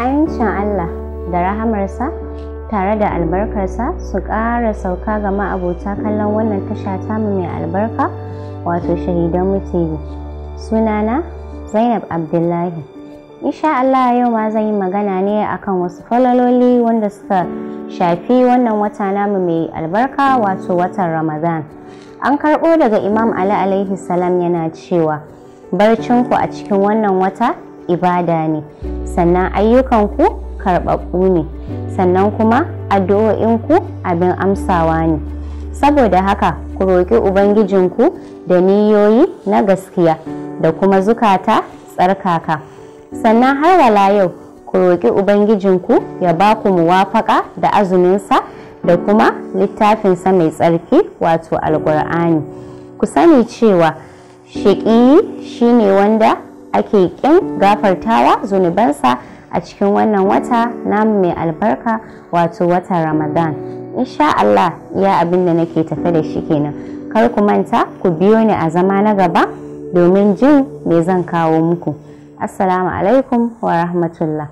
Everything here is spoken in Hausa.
Amincin Allah da rahamarsa tare da albarkarsa su ƙara sauka ga ma'abota kallon wannan tasha ta mai albarka wato shahidan mutane. Sunana Zainab Abdullahi. Insha Allah yau ma zan yi magana ne akan wasu falaloli wanda suka shafi wannan wata namu mai albarka wato watan Ramadan. An karɓo daga Imam Ali alaihi salam yana cewa barcinku a cikin wannan wata ibada ne. sannan ayyukanku karɓaɓɓu ne sannan kuma addu'o'inku abin amsawa ne saboda haka ku roƙi ubangijinku da niyoyi na gaskiya da kuma zukata tsarkaka sannan har wala yau ku roƙi ubangijinku ya ba ku muwafaƙa da azuminsa da kuma littafinsa mai tsarki wato alƙur'ani ku sani cewa shiƙiyi shine wanda ake kin gafartawa zunubansa a cikin wannan wata namu mai albarka wato wata ramadan insha Allah iya abin da nake tafe da shi kenan kar ku manta ku biyo ni a zama na gaba domin jin me zan kawo muku assalamu alaikum wa rahmatullah